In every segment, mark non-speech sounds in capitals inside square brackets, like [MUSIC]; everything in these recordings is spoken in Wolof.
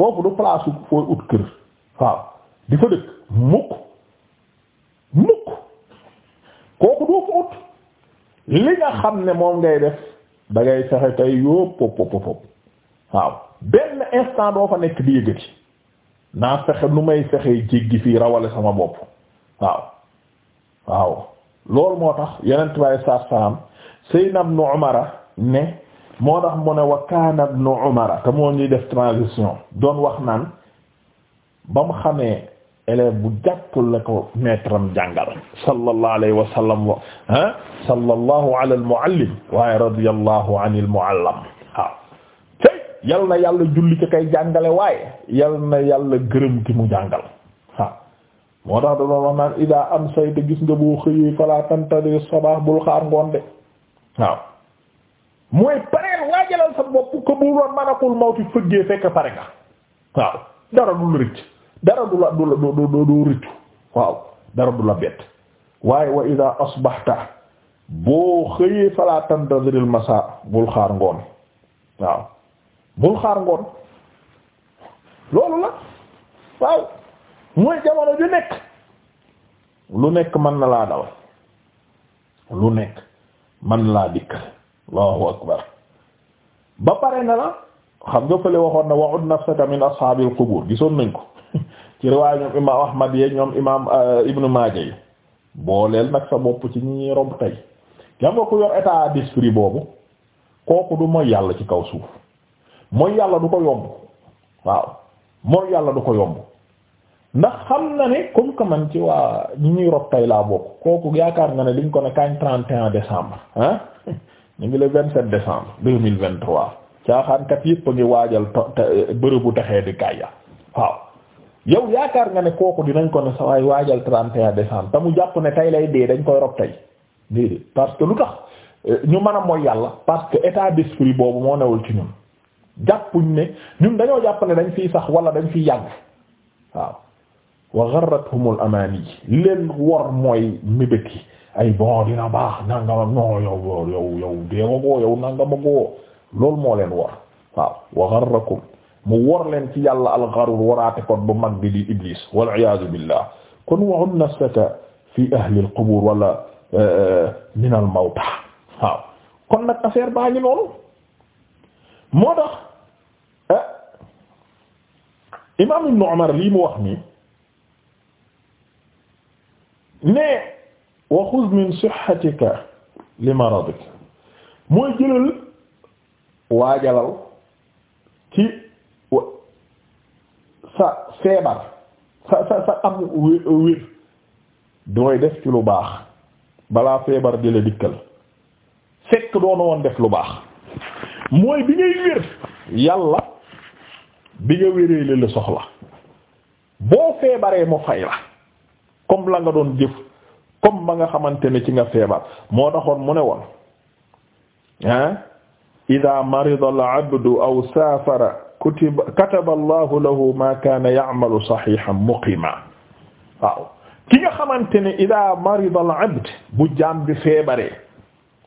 foofu du place fooy ut kër waaw di fa dëkk mukk mukk kooku doo fa ut li nga xam ne moom ngay def da ngay fexe tey yóob pop waaw benn instant doo fa nekk di yëgati naa fexe nu may fexee jéggi fii rawale sama bopp waaw waaw loolu moo tax yeneen tubaab yi saa saa am Seydina Ibn Umar ne. moo tax mu ne wa kaana ibnu umara moo ñuy def transition doon wax naan ba mu xamee élève bu jàppul la ko maître am jàngal sallallahu alayhi wa sallam wa ah sallallahu ala al muallim waaye radiyallahu anil muallam yal na yàlla julli ci kay jàngale waaye yal na yàlla gërëm ki mu jàngal waaw moo tax doon wax naan ida amsayta gis nga boo xëyee fala tantadi sabah bul xaar ngoon de waaw mooy pareel waajalal sa bopp ko bu loon manakul mawti fëggee fekk pare nga waaw dara du la dara du la du la du du du waaw dara du la bett waaye wa ida asbahta boo xëyee fala tantaziril masa bul xaar ngoon waaw bul xaar ngoon loolu la waaw mooy jamono ju nekk lu nekk mën na laa dal lu nekk mën na laa dikk waaw akbar ba pare na la xam nga fële waxoon na wa'ud nafsaka a ashaabil qubur gisoon nañ ko [LAUGHS] ci riwaay ñoom imaam ahmad yeeg ñoom imaam euh, ibnu maaja yi booleel nag sa bopp ci ñi ñuy romb tey xam nga ku yor état d'esprit boobu kooku du mooy yàlla ci kaw suuf mooy yàlla du ko yomb waaw mooy yàlla du ko yomb ndax xam na ne comme que ci waa ñi ñuy rob tay laa bokk kooku yaakaar nga ne diñ ko ne kañ 31 décembre ah [LAUGHS] ñu ngi le vingt-sept décembre deux mille vingt-trois caaxaankat yëpp a ngi waajal bu taxee di kayya waaw yow yaakaar nga ne kooku dinañ ko ne sa waay waajal 31 décembre te mu jàpp ne tey lay dee dañ koy rob tey déedéet parce que lu tax euh, ñu mën a mooy yàlla parce que état d'esprit boobu moo newul ci ñun jàppuñ ne ñun dañoo jàpp ne dañ fi sax wala dañ fiy yàgg waaw wa gharratuhumul amani leen wor mooy mébét yi ay bon dina baax nangama non yow yow yow deewagoo yow nangamagoo loolu moo leen war waaw wa mu war leen ci yàlla alxarur waraate kon bu mag bi di iblis wal iyaazu billah kon waxun nafsaka fi ahli alqubur wala eh, eh, min al mawta waaw kon nag moo tax eh, imaam ibn wax nii ne wa xuz min sihhatika li maradika mooy jëlal waajalal ci sa feebar sa sa sa am wér dooy def ci lu baax balaa feebar di la dikkal fekk doona woon def lu baax mooy bi ngay wér yàlla bi nga wéree la soxla boo feebaree mu fay la comme la nga doon jëf ba xamante ne ci nga feebar moo taxoon mu ne woon ah ida marida al abdu aw saafara kutiba kataba allahu ma kaana ya'malu sahihan muqima ki nga xamante ne idaa marida al abd bu jaam bi feebaree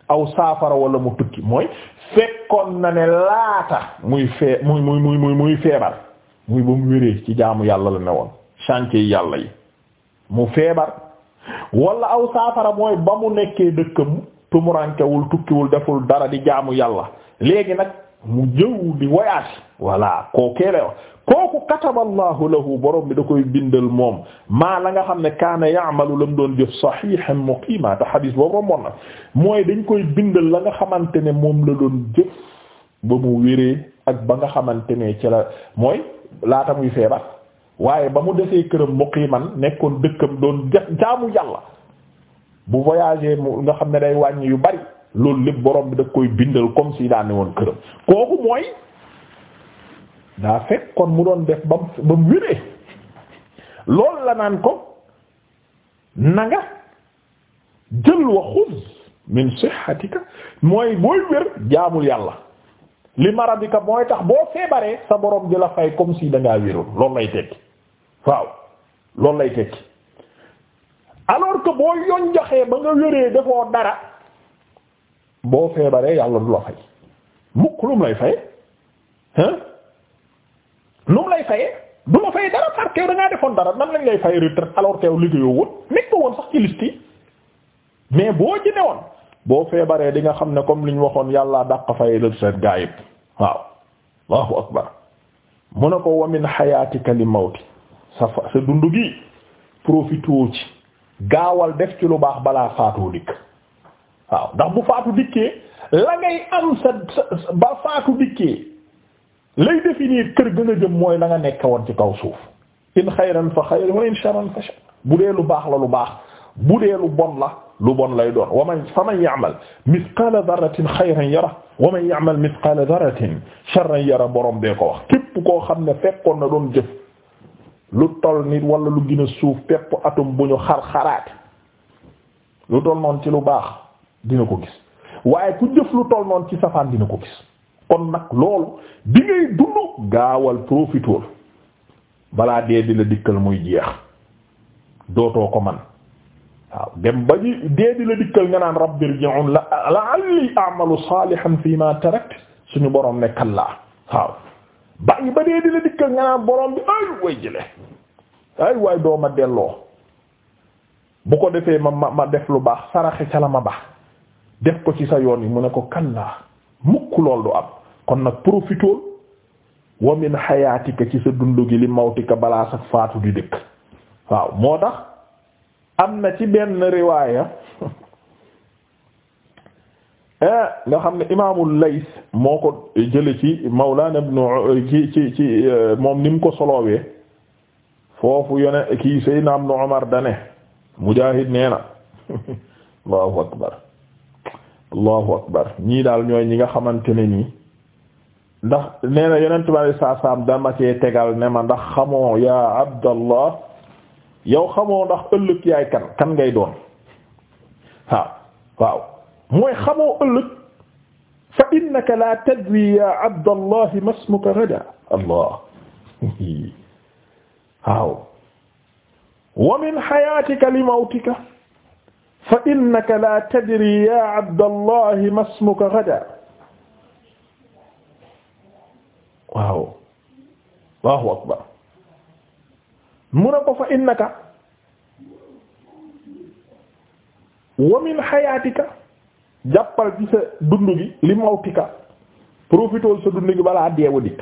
aw saafar wala mu tukki mooy fekkoon na ne laata muy feebar muy ba mu wéree ci jaamu yàlla la ne woon chantier yàlla yi mu feebar wala aw saafara mooy ba mu nekkee dëkkam tumuraankewul tukkiwul deful dara di jaamu yàlla léegi nag mu jëw di wayaat voilà kookee la wax kooku kataballahu lahu borom bi da koy bindal moom maa la nga xam ne kaana yaamalu la mu doon jëf sahihan muqima te xadis boobu moom na mooy dañ koy bindal la nga xamante ne moom la doon jëf ba mu wéree ak ba nga xamante ne ci la mooy laata muy feebar waaye ba mu defee këram muqiman nekkoon dëkkam doon jaamu yàlla bu voyagé mu nga xam ne day wàññi yu bari loolu lépp borom bi da koy bindal comme si daa ne woon këram kooku mooy daa fekk kon mu doon def ba mu wéree loolu la naan ko na nga jël wa xuz min sihhatika mooy booy wér jaamul yàlla li maradika mooy tax boo feebaree sa borom di la fay comme si da ngaa wéroon loolu lay tekki waaw loolu lay tekki alors que boo yoon ba nga wéree defoo dara boo feebaree yàlla du la fay mukk lu mu lay faye hein lu lay faye du la fay dara parce que da ngaa defoon dara nan lañ lay fay retraite alors que yow liggéeyoo nekk woon sax ci liste mais boo ci newoon boo feebaree di nga xam ne comme li ñu waxoon yàlla dàq fay retraite gaa yëpp waaw allahu akbar mu ne ko wamin xayaatika li sa fa sa dund gi profité ci gaawal def ci lu baax balaa faatoo dikk waaw ndax bu faatu dikkee la am sa ba faatu dikkee lay définir kër gën jëm mooy la nga nekk woon ci kaw suuf in xayran fa xayr wa in sharran fa shar bu dee lu baax la lu baax bu dee lu bon la lu bon lay doon wa man fa man ya'mal mithqala dharratin xayran yara wa man ya'mal mithqala dharratin sharran yara borom bee ko wax képp koo xam ne fekkoon na doon jëf lu toll nit wala lu gën a suuf pepp atum bu ñu xar-xaraat lu toll noonu ci lu baax dina ko gis waaye ku jëf lu toll noonu ci safaan dina ko gis kon nag loolu bi dund gaawal profitool balaa dee di la dikkal muy jeex dootoo ko man waaw dem ba ñu dee di la dikkal nga naan rabbi irji'un la la'alli a'malu salihan fi ma tarakt suñu boroom ne kallaa waaw bàyyi ba dee di la dikkal nga naan borom bi ay way jële ay waay doo ma delloo bu ko defee ma ma ma def lu baax saraxe ca la ma baax def ko ci sa yoon yi mu ne ko kallaa mukk lool du am kon nag profitool wa min xayaatika ci sa dund gi li mawtika balaa sa faatu di dëkk waaw moo tax am na ci benn riwaaya Eh, nga xam ne imaamul Lays moo ko jële ci Mawlana ci ci eh, moom ni mu ko solowee foofu yone kii Seydina Ibn Umar dane Mujaahid nee na [LAUGHS] allahu akbar allahu akbar ñii daal ñooy ñi nga xamante ne nii ndax nee na yonent bi alei saa saam dama cee tegal ne ma ndax xamoo yaa abdallah yow xamoo ndax ëllëg yaay kan kan ngay doon waaw mooy xamoo ëllëg fa innaka la tadri ya abdallah masmuka ghadan allah [LAUGHS] waaw wa min hayatika li mawtika fa innaka la tadri ya abdallah masmuka ghadan waaw allahu akbar mu ne ko fa innaka wa min hayatika jàppal ci sa dund gi li mawtika profitool sa dund gi balaa deewa dikk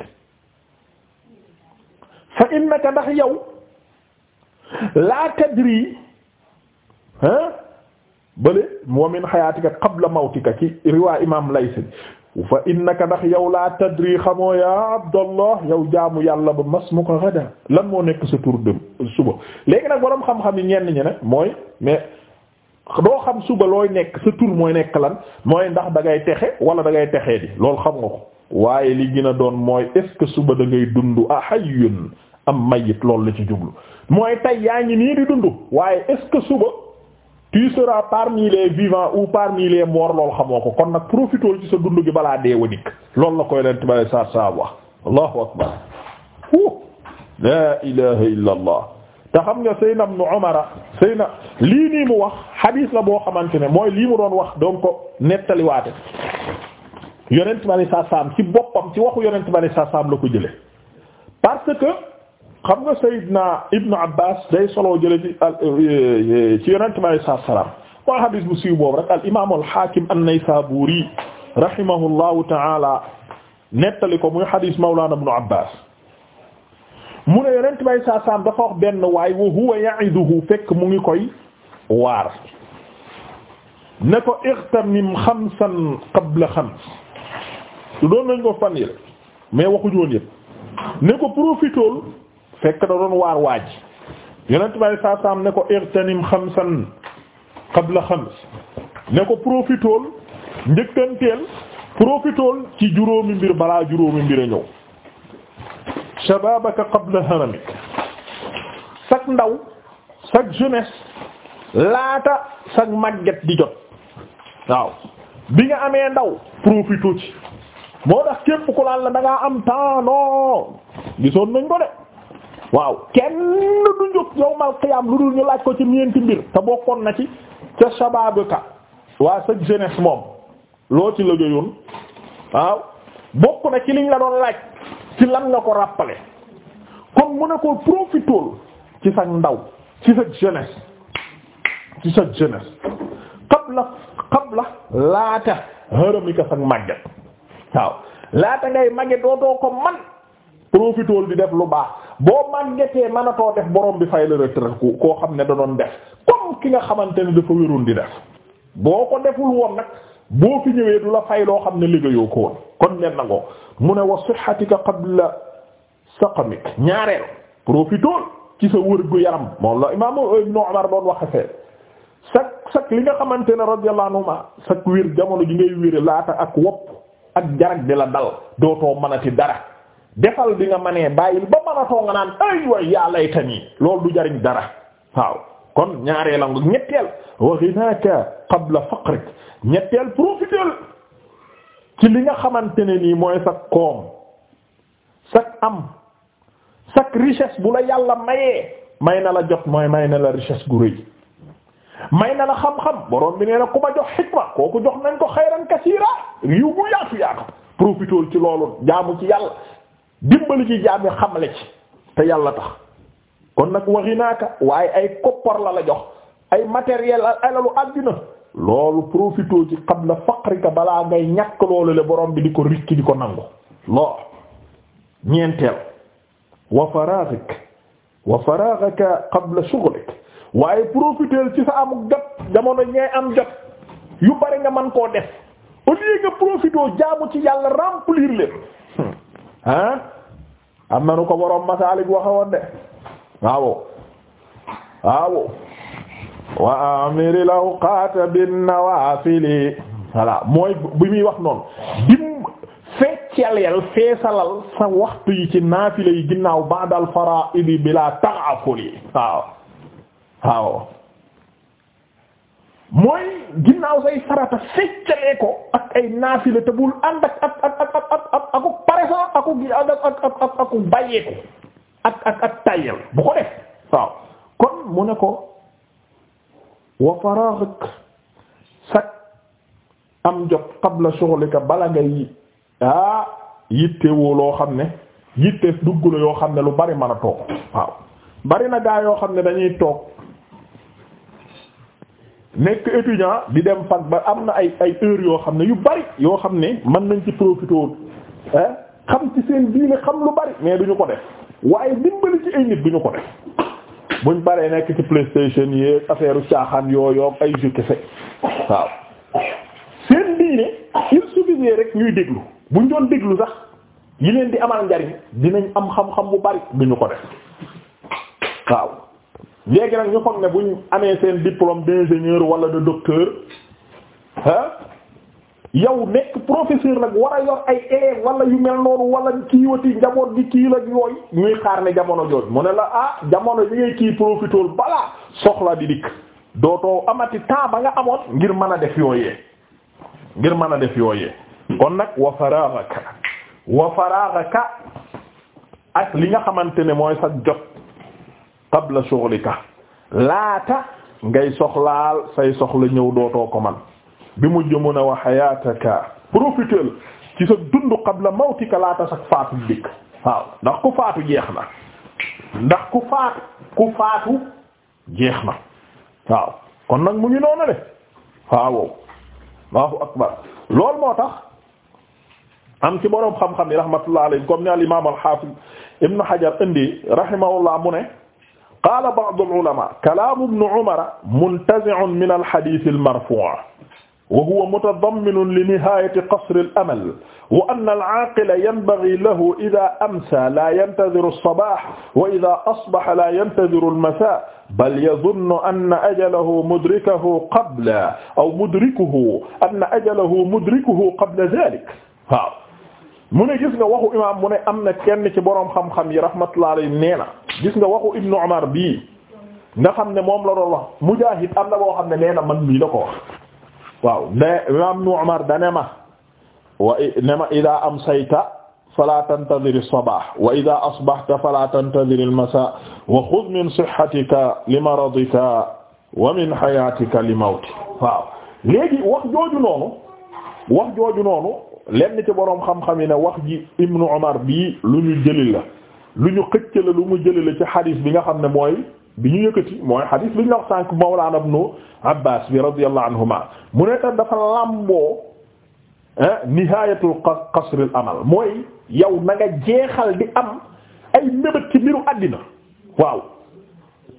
fa innaka ndax yow laa tadri hein bële moo min xayaatika qabla mawtika ci riwaa imam Layth fa innaka ndax yow laa tadri xamoo ya abdallah yow jaamu yàlla ba masmuka ghadan lan moo nekk sa tur dem suba léegi nag boroom xam-xam yi ñenn ñi mooy mais doo xam suba looy nekk sa tur mooy nekk lan mooy ndax dangay texe wala da ngay texee di loolu xam nga ko waaye li gën a doon mooy est-ce que suba da ngay dund a hayyun am mayit loolu la ci jublu mooy tey yaa ngi nii di dund waaye est-ce que suba tu seras parmi les vivants ou parmi les morts loolu xamoo ko kon nag profitool ci sa dund gi balaa dee wa dikk loolu la koy leen tibale sa sa wax allahu akbar hu la ilaha illa allah te xam nga Seydina Ibn Umar Seydina lii nii mu wax hadith la boo xamante ne mooy lii mu doon wax doon ko nettaliwaate yonent bari saa saam ci boppam ci waxu yonent bari saa saam la ko jële parce que xam nga Seydina Ibn Abbas day solo jële ci euh, ci yonent bari saa salaam waa hadith bu siiw boobu rek al imaam al Haakim an-Naysaburi rahimahullahu ta'ala nettali ko muy hadith Mawlana Ibn Abbas. mu ne yonent bay saa dafa wax benn waay wa huwa ya'iduhu fekk mu ngi koy waar ne ko ightamim xamsan qabla xams lu doon nañ ko fan yële mais waxuñu woon yëpp ne ko profitool fekk da doon waar waaj yonent bay saa saam ne ko ightamim xamsan qabla xams ne ko profitool njëkkanteel profitool ci juróomi mbir balaa juróomi mbir a ñëw shababaka qabla haramik sag ndaw sag jeunesse laata sag màgget di jot waaw bi nga amee ndaw profité ci moo tax képp ku laal la da am temps non gisoon nañ ko de waaw kenn du njëkk yawmal qiyaam lu dul ñu laaj ko ci mbir te bokkoon na ci ca shababaka waa sag jeunesse moom loo ci la joyoon waaw bokk na ci liñ la doon laaj ci lan nga ko rappelé kon mu ne ko profitool ci sa ndaw ci sa jeunesse ci sa jeunesse qabla laata haramika sa màgget waaw laata ngay màgget dootoo ko man profitool di def lu baax boo màggetee mënatoo def borom bi fay la retraite ku koo xam ne da doon def comme ki nga xamante ne dafa wérun di def boo ko deful woon nag boo fi ñëwee du la fay loo xam ne liggéeyoo ko benn ngoo mu ne wa sihhatika qabla saqamik ñaareel profitool ci sa wër gu yaram moom la imaamu Ibnu Umar doon waxe fee sak sak li nga xamante ne radiyallahu anhuma sak wér jamono ji ngay wére laata ak wopp ak jarag di la dal dootoo mënati dara defal bi nga mënee bàyyil ba mënatoo nga naan ay way yaa laytani loolu du jariñ dara waaw kon ñaareel nga ñetteel wa ghinaaka qabla faqrik ñetteel profitool ci li nga xamante ne nii mooy sa koom sa am sa richesse bu la yàlla mayee may na la jot mooy may na la richesse gu rëy may na la xam-xam borom bi nee na ku ma jox xikma kooku jox nañ ko xayran kasiira yiw bu yaatu yaatu profitool ci loolu jaamu ci yàlla dimbali ci jaam yi xamle ci te yàlla tax kon nag waxi naaka waaye ay koppar la la jox ay matériel alalu àddina loolu profitoo ci qabla faqrika balaa ngay ñàkk loolu le borom bi di ko rikki di ko nangu loo ñeenteel wa faraaghik wa faraghaka qabla shughlik waaye profiteel ci sa amuk jot jamono ñay am jot yu bari nga man koo def au lieu nga profitoo jaamu ci yàlla remplir leen ah am na nu ko borom masaalik waxe de waaw waaw wa amiril awqaata bin nawaafili voilà mooy bi muy wax noonu dim feccaleel feesalal sa waxtu yi ci naafile yi ginnaaw ba'dal faraa'idi bila ta'afuli waaw waaw mooy ginnaaw say farata feccalee ko ak ay naafile te bul ànd ak ak ak ak ak ak aku paresa aku ak ak ak ak aku bàyyeeku ak ak ak tayel bu ko def waaw kon mu ne ko wa faraaxak sag am jot qabla shughlika bala ngay ah yittewoo loo xam ne yitte dugg la yoo xam ne lu bari man a toog waaw bari na gaa yoo xam ne dañuy toog nekk étudiant di dem fac ba am na ay ay heures yoo xam ne yu bari yoo xam ne mën nañ ci profité ah, xam ci seen diine xam lu bari mais duñu ko def waaye dimbali ci ay nit duñu ko def buñ baree nekk ci PlayStation yeeg affaire u caaxaan yooyoog ay jeux kese waaw seen diine il suffisait rek ñuy déglu buñ doon déglu sax yi leen di amal njariñ dinañ am xam-xam bu bari duñu ko def waaw léegi nag ñu foog ne buñ amee seen diplôme d'ingénieur wala de docteur ah yow nekk professeur nag war a yor ay élèves wala yu mel noonu wala kiiwati njaboot gi kii la yooyu ñuy xaar ne jamono jooj mu ne la ah jamono li ngay kii profitool balaa soxla di dikk dootoo amati temps ba nga amoon ngir mën a def yooyee ngir mën a def yooyee kon nag wa faraghaka ak li nga xamante ne mooy sa jot qabla shughlika laata ngay soxlaal say soxla ñëw dootoo ko man bi mujj mun a wa hayataka profiter ci sa dund qabla mawtika laata sa faatu dikk waaw ndax ku faatu jeex na ndax ku faatu ku faatu jeex na waaw kon nag mu ngi noonu le waaw Allahu akbar loolu moo tax am ci boroom xam-xam ni rahmatullah alayhi comme ni al imam al hafiz ibn hajar indi rahimahullah mu ne qaala ba'd al ulama kalam ibn umar muntazi'un min al hadith al marfu' wa huwa mutadamminun li nihaayati qasri al-amal wa anna al-aaqila yanbaghii lahu idaa amsaa laa yantadhiru as-sabaah wa idaa asbaha laa yantadhiru al-masaa bal yadhunnu anna ajalahu mudrikahu qabla aw mudrikuhu anna ajalahu mudrikuhu qabla dhaalik waaw mu ne gis nga waxu imaam mu ne am na kenn ci boroom xam-xam yi rahmatullahi alayhi nee na gis nga waxu Ibnu Umar bii nga xam ne moom la doon wax Mujaahid am na boo xam ne nee na man mii la ko wax waaw ne imam nu Umar da ne ma wa ne ma ida amsayta fala tantazir as-sabah wa ida asbahta fala tantazir al-masa wa khudh min sihhatika li maradika wa min hayatika li mawtika waaw léegi wax jooju noonu wax jooju noonu lenn ci boroom xam-xam yi ne wax ji ibnu Umar bii lu ñu jëli la lu ñu xëcc la lu mu jëli la ci xadiis bi nga xam ne mooy bi ñu yëkkati mooy hadith li ñu la wax sànq Mawlana Ibnu Abbaas bi radiyallahu anhuma mu ne tam dafa làmboo ah, nihaayatul qasril amal mooy yow na jeexal di am ay mébét ci mbiru àddina waaw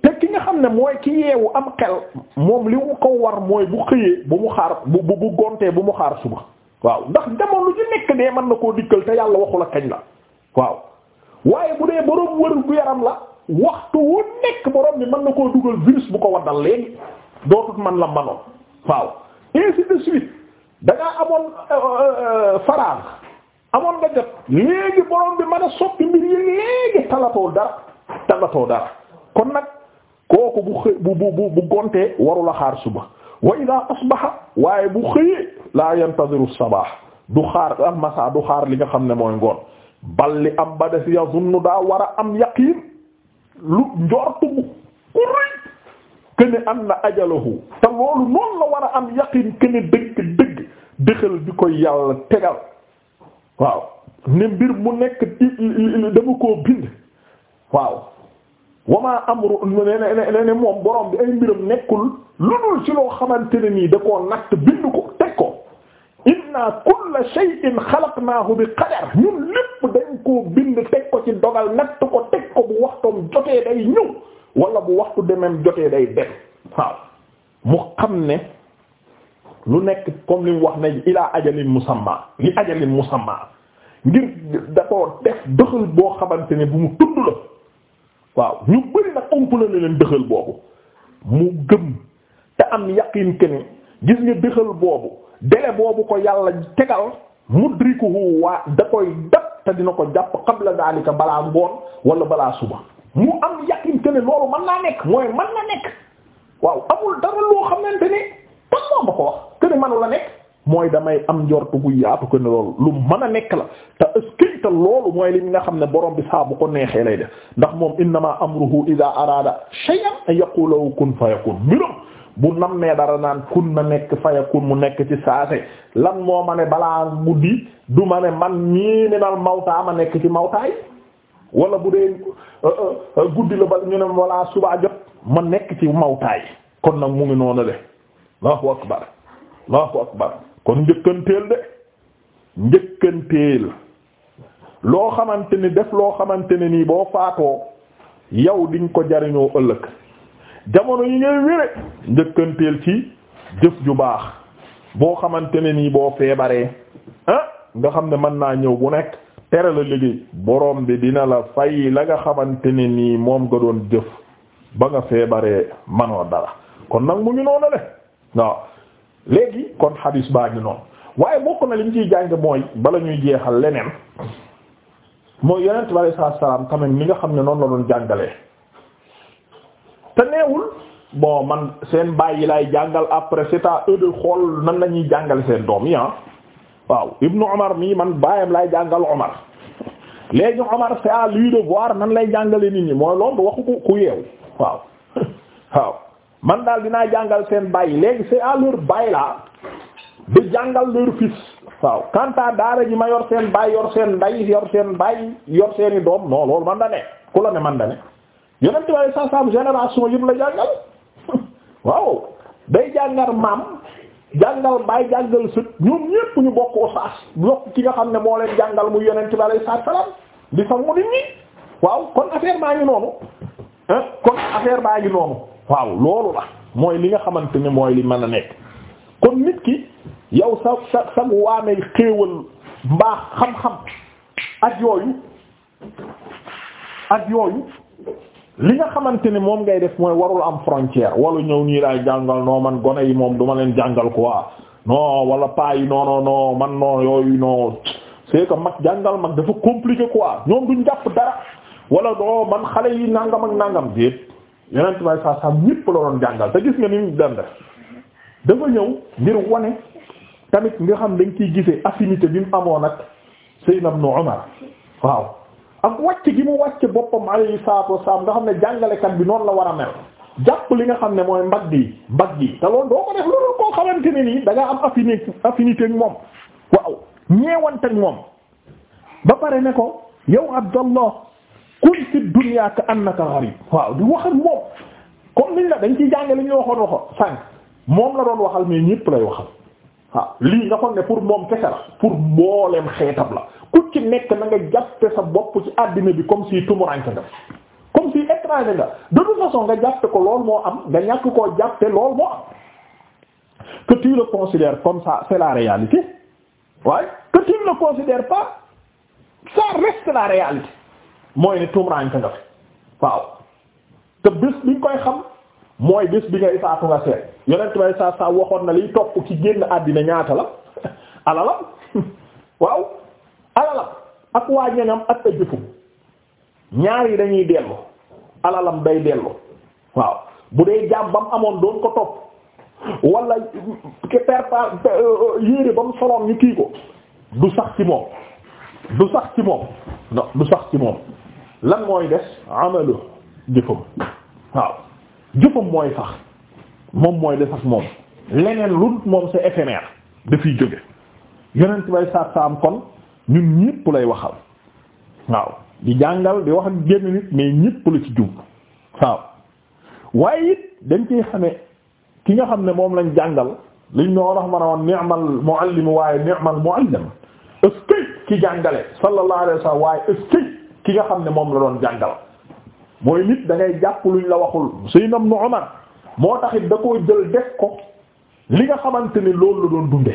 te ki nga xam ne mooy ki yeewu am xel moom li mu ko war mooy bu xëyee bu mu xaar bu bu bu gontee bu mu xaar suba waaw ndax jamono lu ci nekk dee mën na koo dikkal te yàlla waxul a kañ la waaw waaye bu dee boroom wër gu yaram la. waxtu wu nekk borom bi mën na koo dugal virus bu ko waddal léegi dootut man la manoon waaw ainsi de suite da amoon euh, euh, faraag amoon nga jot léegi borom bi mën a soppi mbir yi léegi talatoo dara talatoo dara kon nag kooku bu xëy bu bu bu gontee warul a xaar suba wa ida waaye bu xëyee laa yantadiru sabah du xaar al du xaar li nga xam ne mooy ngoon bal li am ba des yazunnu daa war a am yaqiin lu njortu bu kuréy këne am na ajalahu loolu noonu la war a am yaqin këne dëgg dëgg dëxal bi koy yàlla tegal waaw ne mbir mu nekk dama koo bind waaw wamaa amru ne ne moom borom bi ay mbiram nekkul lu dul ci loo xamante ne nii da koo bind ko teg ko inna kulla shay'in xalaqnaahu bi qadar ñun lépp koo bind teg ko ci dogal natt ko teg ko bu waxtoom jotee day ñëw wala bu waxtu demem jotee day dem waaw mu xam ne lu nekk comme li mu wax ne ilaa ajalin musamma li ajalin musamma ngir da ko def dëxal boo xamante ne bu mu tudd la waaw ñu bëri nag umpale na leen dëxal boobu mu gëm te am yaqin ke ni gis nga dëxal boobu délai boobu ko yàlla tegal mudrikuhu waa da koy dab te dina ko jàpp qabla daalika balaa ngoon wala balaa suba mu am yaqin que loolu mën naa nekk mooy mën na nekk waaw amul dara loo xamante ne tam moo ma wax que ne mënu nekk mooy damay am njortu bu yaatu que mën a nekk la te est-ce mooy li nga xam ne borom bi saa bu ko neexee lay def ndax moom innamaa amruhu idaa araada shay'an an yaqula kun fayakun bu nam nee dara naan kun na nekk fayakun mu nekk ci saase lan moo ma ne balaa mu guddi du ma ne man ñii minal mawtaa ma nekk ci mawtaay wala bu dee euh, euh, euh, guddi la ba ñu ne wala subaa jot ma nekk ci mawtaay kon nag mu ngi noonu de allahu akbar allahu akbar kon njëkkanteel de njëkkanteel loo xamante ni def loo xamante ne nii boo faatoo yow diñ ko jariñoo ëllëg jamono yi ngay wére njëkkanteel ci jëf ju baax boo xamante ne nii boo feebaree ah nga xam ne mën naa ñëw bu nekk tere la liggéey borom bi dina la fay la nga xamante ne nii moom nga doon jëf ba nga feebaree manoo dara kon nag mu ngi noonu le waaw léegi kon xadiis baa ngi noonu waaye bokk na li ñu ciy jàng mooy bala ñuy jeexal leneen mooy yonent bi sallallahu alayhi wasallam tamit li nga xam ne noon la doon jàngalee. te neewul bon man seen baay yi laay jàngal après c'est à eux de xool nan la ñuy jàngale seen doom yi ah waaw Ibnu Omar mii man baayam laay jàngal Omar léegi Omar c'est à lui de voir nan lay jàngale nit ñi mooy loolu waxu ko ku yeewu waaw [LAUGHS] waaw man daal dinaa jàngal seen baay yi léegi c'est à leur baay la de jàngal leur fils waaw quant à daara ji ma yor seen baay yor seen nday yor seen baay yor seeni doom non loolu man da ku la ne man da yonent waaye sa sam génération yëpp la jàngal [LAUGHS] waaw day jàngal maam jàngal baay jàngal sët ñoom ñépp ñu bokkoo saas bokk ki nga xam ne moo leen jàngal mu yonent bi alayhi salaam di sax mu nit ñi waaw kon affaire baa ngi noonu kon affaire baa ngi noonu waaw loolu la mooy li nga xamante ni mooy li mën a nekk kon nit ki yow sa sa sa waamee xéewal mbaax xam-xam ak yooyu ak yooyu li nga xamante ne moom ngay def mooy warul am frontière wala ñëw nii laay jàngal non man gone yi moom duma leen jàngal quoi noo wala paa yi non non non man non yooyu non c'est que mag jàngal mag dafa compliqué quoi ñoom duñ jàpp dara wala doo man xale yi nangam ak nangam déet yeneen may saa saa ñépp la doon jàngal te gis nga ni mu daan dafa ñëw ngir wane tamit nga xam danga ciy gisee affinité bi mu amoon ak Seydina Ibn Umar waaw. ak wàcc gi mu wàcc boppam alayhi salaatu wasalaam nga xam ne jàngalekat bi noonu la war a mel jàpp li nga xam ne mooy mbagg yi mbagg yi te lool doo ko def loolu koo xamante ne nii da am affinité affinité ak moom waaw ñeewante ak moom ba pare ne ko yow abdallah kun fi dunya ka annaka gharib waaw di wax ak moom comme niñ la dañ ciy jàngale li ñu waxoon waxo sànq moom la doon waxal mais ñépp lay waxal waaw lii nga xam ne pour moom kese la pour mbooleem xeetam la nekk na nga jàppe sa bopp ci àddina bi comme si tumuranke nga comme si étranger nga de façon nga jàppe ko lool moo am nga ñàkk koo jàppe lool moo am que tu le considères comme ça c'est la réalité waaye que tu ne le considères pas ça reste la réalité mooy ne tumuranke nga fi waaw te bés bi nga koy xam mooy bés bi ngay faatu nga seet yonent bay saa saa waxoon na liy topp ci génn àddina ñaata la [LAUGHS] alalam [LAUGHS] waaw alalam ak waa ñañam ak a jëfu ñaar yi dañuy dellu alalam day dellu waaw bu dee jaam ba mu amoon doon ko topp wala ke perpa euh, yére ba mu soloon ñu kii ko du sax ci moom du sax ci moom lan mooy des amalu jëfam waaw jëfam mooy sax moom mooy des ak moom leneen lu moom c'est éphémère dafiy jóge yonent bay saat saam kon ñun ñëpp lay waxal waaw di jàngal di wax ak génn nit mais ñëpp la ci jum waaw waaye it dañ ciy ki nga xam ne moom lañ jàngal liñ noo wax ma ne woon ni'mal muallim waaye ni'mal muallim est ki jàngale sallallahu alayhi waaye est ki nga xam ne moom la doon jàngal mooy nit dangay ngay jàpp luñ la waxul Seydina Ibnu Umar moo taxit da koo jël def ko li nga xamante ni loolu la doon dunde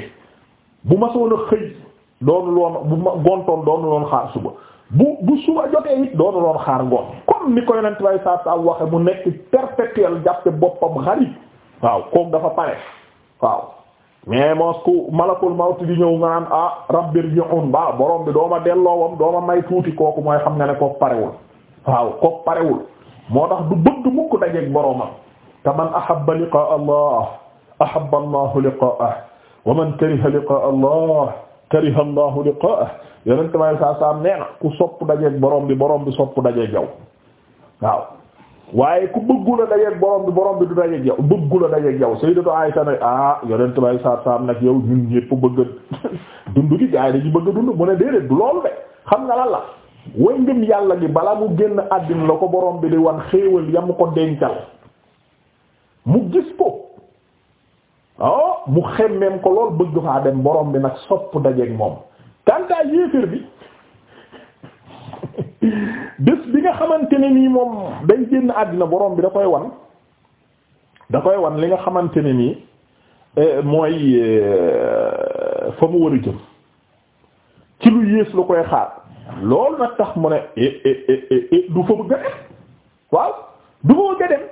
bu ma soon a xëy doonu loon bu ma gontoon doonu loon xaar suba bu bu suba jotee it doonu loon xaar ngoon comme ni ko yonent bay saa saa waxe mu nekk perpétuel jàppe boppam xarit waaw kook dafa pare waaw mais mos ku malakul mawti di ñëw nga naan ah rabbir ñuun ba borom bi dooma delloowam dooma may tuuti kooku mooy xam nga ne kook parewul waaw kook parewul moo tax du bëgg mukk dajeek boromam te man ahabba liqaa allah ahabba allah liqaa'ah wa man kariha liqaa allah kariha Allahu liqa'ah yonent may saa saam nee na ku sopp dajeeg borom bi borom bi sopp dajeeg yow waaw waaye ku bëggula dajeeg borom bi borom bi du dajeeg yow bëggula dajeeg yow sayyidatu Aisha ne ah yonent may nag yow ñun ñépp bëgg [LAUGHS] dund gi gaa yi dañu bëgg dund mu ne déedéet du de xam nga lan la way ngëm yàlla gi bala mu génn àddina la ko borom bi di wan xéewal yam ko dencal mu gis ko oh mu xemmeem ko lool bëgg faa dem borom bi nag sopp dajeeg moom kantaa yéeféer bi [LAUGHS] bés bi nga xamante ni moom day génn àddina borom bi da koy wan da koy wan li nga xamante ne nii eh, mooy eh, fa mu war a ci lu yées lu koy xaar loolu nag tax mu ne eh, du fa bëgg a dem waaw du fa bëgg a dem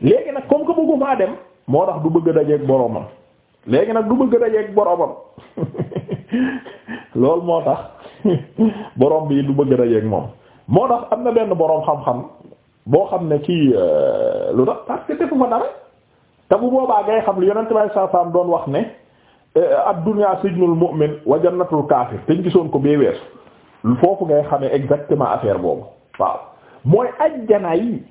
léegi nag comme que bëggu faa dem moo tax du bëgg a dajeeg boromam léegi nag du bëgg a dajeeg boromam [LAUGHS] loolu moo tax [LAUGHS] borom bii du bëgg a dajeeg moom moo tax am na benn boroom xam-xam boo xam ne kii euh, lu tax parce defu fa dara te bu boobaa ngay xam li yonent bay saa doon wax ne euh, ad-dunya sijnul mu'min wa jannatul kaafir te ñu gisoon ko bee weesu foofu ngay xamee exactement affaire boobu waaw mooy ajjana yi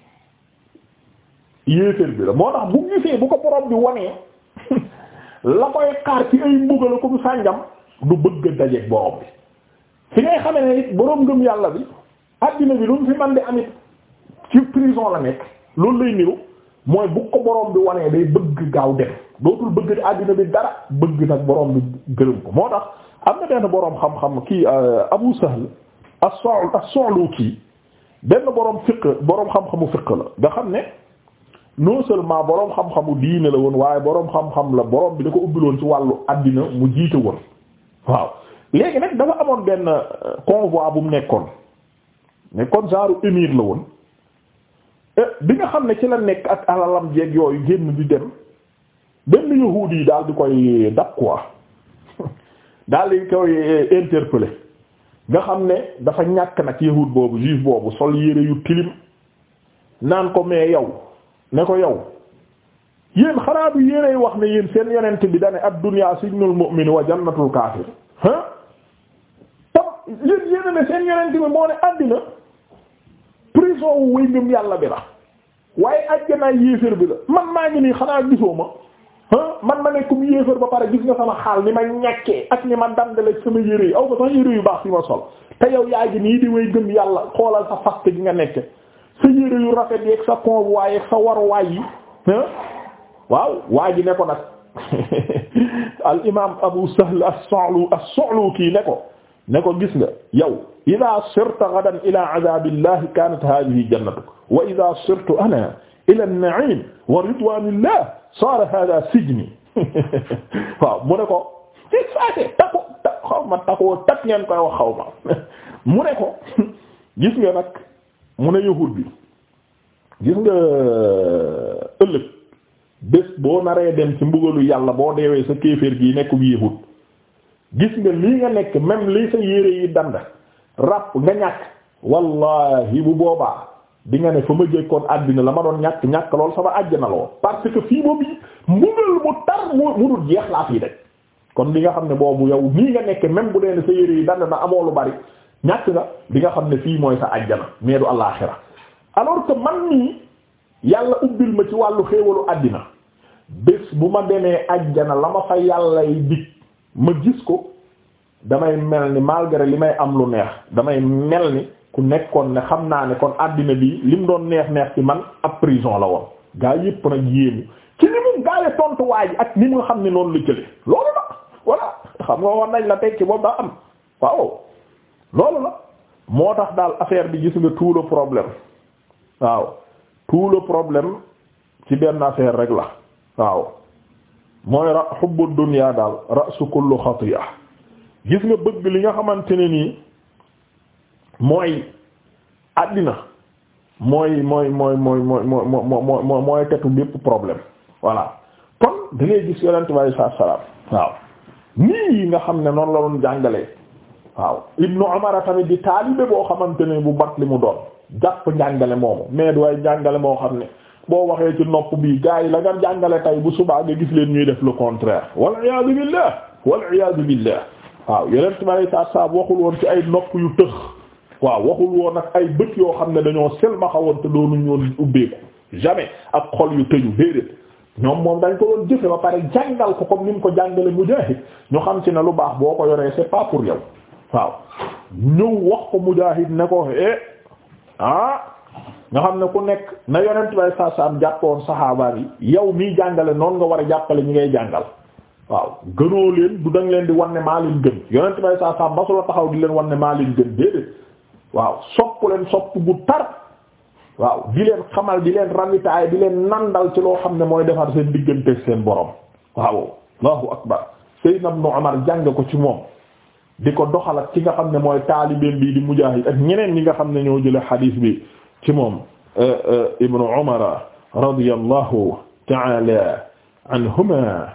yéeféer bi la moo tax bu gisee bu ko borom bi wanee [LAUGHS] la koy xaar ci ay mbugal ko bu sànjam du bëgg a dajeek borom bi fi ngay xamee ne it borom ngëm yàlla bi àddina bi lu mu fi man di amit ci prison la nekk loolu lay niru mooy bu ko borom bi wanee day bëgg gaaw dem dootul bëgg àddina bi dara bëgg nag borom bi gërëm ko moo tax am na benn borom xam-xam kii euh, Abu Sahl as-Sa'luki benn boroom fiqh borom xam-xamu fiqh la nga xam ne. non seulement boroom xam-xamu diine la woon waaye boroom xam-xam la boroom bi da ko ubbiloon ci wàllu àddina mu jiite woon waaw léegi nag dafa amoon benn euh, convoi bu mu nekkoon nekkoon genre émir la woon euh, bi nga xam ne ci la nekk ak alalam jeeg yooyu génn di dem benn yahuudi yi daal di koy dab quoi [LAUGHS] daal di koy euh, interpeller nga xam ne dafa ñàkk nag yahuud boobu juif boobu sol yére yu tilim naan ko mais yow ne ko yow yéen xanaa du yéenay wax ne yéen seen yonent bi dane ak dunya sijnul mu'min wa jannatul kaafir ah tam yéen yéena ne seen yonent bi moo ne àddina prison wu wéy ngëm yàlla bi la waaye ajjanaay yéeféer bi la man maa ngi nii xanaa gisoo ma man ma nekkum yéeféer ba pare gis nga sama xaal ni ma ñàkkee ak ni ma la sama yére yi aw ba sax yére yu baax yi ma sol te yow yaa ngi nii di wéy ngëm yàlla xoolal sa faste gi nga nekk sa yu rafet yeeg sa convoi yeeg sa waruwaay yi waaw waa ji ne ko nag [LAUGHS] al imaam Abu Sahl as-Sa'lu as-Sa'luki ne ko ne ko gis nga yow ida sirta gadan ila azabillahi kanat hadhihi jannatuk wa ida sirtu ana ila an-na'im wa ridwanillah sara hadha sijni [LAUGHS] mu ne ko ci saate tako xaw [LAUGHS] ko mu ne yahud bi gis nga euh, ëllëg bés boo naree dem ci mbugalu yàlla boo deewee sa kéeféer gi nekkub yahud gis nga lii nga nekk même lii sa yére yi dand ràpp nga ñàkk wallahi bu boobaa di nga ne fa ma jëkkoon àddina la ma doon ñàkk ñàkk lool sama àjjana lool parce que fii moom yi mbugal mu tar mu dul jeex laa fii de kon li nga xam ne boobu yow nii nga nekk même bu dee ne sa yére yi dand na amoo lu bari ñàkk nga bi nga xam ne fii mooy sa àjjana mais du alaaxira alors que man nii yàlla ubbil ma ci wàllu xéewalu àddina bés bu ma demee àjjana la ma fa yàlla yi ma gis ko damay mel ni malgré li may am lu neex damay mel ni ku nekkoon ne xam naa ne kon àddina bi lim doon neex neex ci man ab prison la woon gaa yépp nag yéemu ci ni mu gaawe tontu waa ji ak ni mu nga xam ne noonu la jële loolu la voilà xam nga woon nañ la tekki boobu daa am waaw loolu la moo tax daal affaire bi gis nga tout le problème waaw tout le problème ci benn affaire rek la waaw mooy ra xubbu dunya daal ra'su kullu xatiya gis nga bëgg li nga xamante ni nii mooy àddina mooy mooy mooy mooy mooy mooy mooy mooy tetu bépp problème voilà kon da ngay gis yonent bi sallallahu alayhi waaw nii nga xam ne noonu la doon jàngale waaw ibnu Umar tamit di taalibe boo xamante ne bu bat li mu doon jàpp njàngale moomu mais du ay njàngale moo xam ne boo waxee ci nopp bii gaa yi la nga jàngale tay bu subaa nga gis leen ñuy def lu contraire wal iyaadu billah wal iyaadu billah waaw yeneen ci bari saa saa waxul woon ci ay nopp yu tëx waaw waxul woon nag ay bët yoo xam ne dañoo selmaxa woon te doonuñ woon ubbeeku jamais ak xol yu tëju déedéet ñoom moom dañ ko woon jëfe ba pare jàngal ko comme ni ko jàngale ñu xam ci ne lu baax boo ko yoree c'est pas pour yow. waaw ñëw wax ko Mujaahid ne ko eh ah nga xam ne ku nekk na yonent bay saa saam jàppoon saxaabaar yi yow miy jàngale noonu nga war a jàppale ñu ngay jàngal waaw gënoo leen du danga leen di wan ne maa leen gën yonent bay saa saam ba su la taxaw di leen wan ne maa leen gën waaw sopp leen sopp gu tar waaw di leen xamal di leen ramitaay di leen nandal ci loo xam ne mooy defar seen diggante seen borom waaw allahu akbar sayyidna ibn Umar jàng ko ci moom di ko doxal ak ki nga xam ne mooy taalibeem bi di mujaahid ak ñeneen ñi nga xam ne ñoo jële xadiis bi ci moom euh, euh, ibnu umara radiyallahu ta'ala anhuma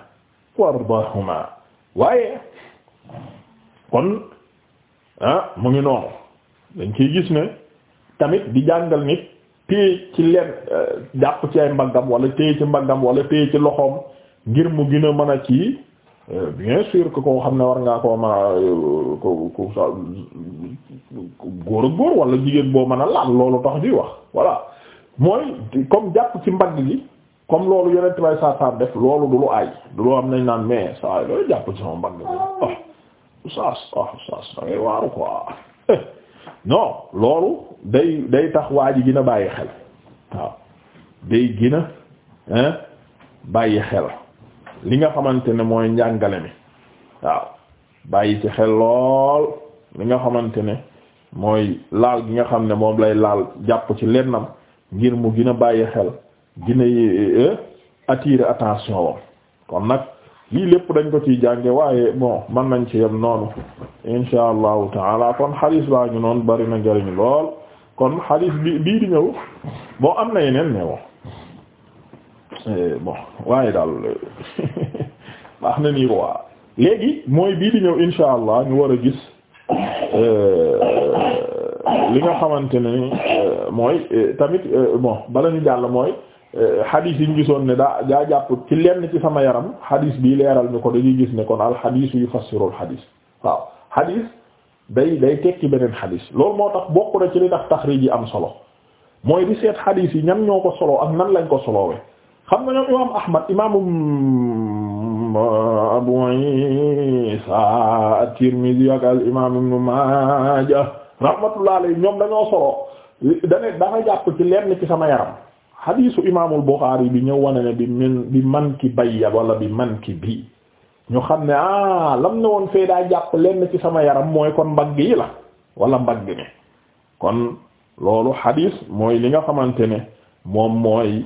waaye kon ah mu ngi noonu dañ ciy gis ne tamit di jàngal nit téye ci leen euh, jàpp ci ay mbaggam wala téye ci mbaggam wala téye ci loxoom ngir mu gën a mën a ci Euh, bien sûr que koo xam ne war ngaa koo mën a ko euh, ko sa góor ak góor wala jigéen boo mën a laal loolu tax di wax voilà mooy comme jàpp ci mbagg gi comme loolu yeneen bay saa saa def loolu du lu aay du loo am nañ naan mais saa yi looy jàpp ci sama mbagg bi saas ah saas ah, da ngay waaru quoi [LAUGHS] non loolu day day tax waa ji gën a bàyyi xel waaw day gën a bàyyi xel li nga xamante ne mooy njàngale mi waaw bàyyi ci xel lool li nga xamante ne mooy laal gi nga xam ne moom lay laal jàpp ci lennam ngir mu gën a bàyyi xel gën a eh, attirer attention wam kon nag lii lépp dañ ko ciy jànge waaye bon mën nañ ci yem noonu insha allahu taala kon xadiis baa ñu noonu bari na njariñ lool kon xadiis bi bii di ñëw boo am na yeneen ne wo Eh, bon waaye daal [LAUGHS] baax na nii quoi léegi mooy bii di ñëw insha allah ñu war a gis eh, li nga xamante ne ni eh, mooy tamit bon bala ñu jàll mooy xadiis yi ñu gisoon ne daa daa jàpp ci lenn ci sama yaram xadiis bii leeral ñu ko dañuy gis ne kon al xadiis yu fassirul xadiis waaw xadiis day day tekki beneen xadiis loolu moo tax bokk na ci li tax taxriij yi am solo mooy di seet xadiis yi ñan ñoo ko solo ak nan lañ ko solowee xam nga ñoom imaam Ahmad imaamum Abu Isa at-Tirmidhi ak al imaam Ibn Maaja rahmatullah alayhi ñoom dañoo solo dane jàpp ci lenn ci sama yaram xadiisu imaamul Buxaari bi ñëw wane ne bi man ki bayya wala bi man ki bi ñu xam ne ah lam ne woon fee daa jàpp lenn ci sama yaram mooy kon mbagg yi la wala mbagg ne kon loolu xadiis mooy li nga xamante ne moom mooy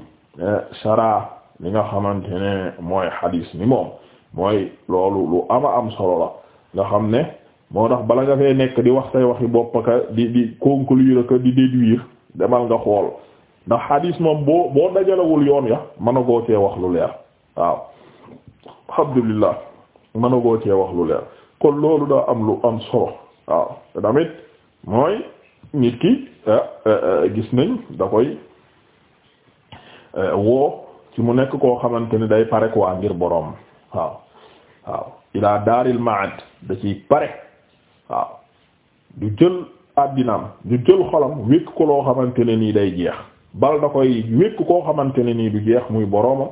shara li nga xamante ne mooy xadiis ni moom mooy loolu lu ama am solo la nga xam ne moo tax bala nga fee nekk di wax say waxi bopp ka di di conclure que di déduire demal nga xool ndax xadiis moom boo boo dajalewul yoon ya mën a goo cee wax lu leer waaw alhamdulillah mën a wax lu leer kon loolu daa am lu am solo waaw te tamit mooy nit ki eh, eh, eh, gis nañ da koy Euh, woo ci mu nekk koo xamante ne day pare waa ngir boroom waaw waaw ilaa daaril maad da ciy pare waaw du jël àddinaam du jël xolam wékk ko loo xamante ne nii day jeex bal da koy wékk koo xamante ne nii du jeex muy boroomam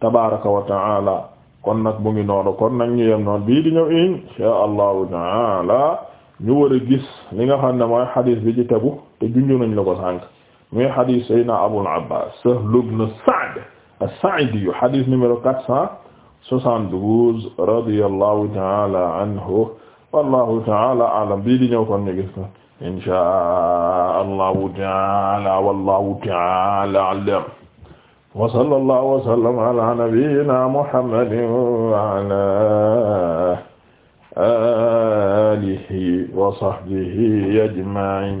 tabaraka wa taala kon nag mu ngi noonu kon nag ñu yem noonu bii di ñëw insha allahu taala ñu war a gis li nga xam ne mooy xadiis bi ci tegu te junju nañ la ko sànk muy hadith Seydina Abul Abbas Sahl ibn Sa'd as-Sa'idi hadith numéro 472 radiyallahu ta'ala anhu wallahu ta'ala a'lam bii di ñëw kon ñu gis ko inshaa Allahu ta'ala wallahu ta'ala a'lam wa sallallahu wa sallam ala nabiyyina Muhammadin wa ala alihi wa sahbihi ajma'in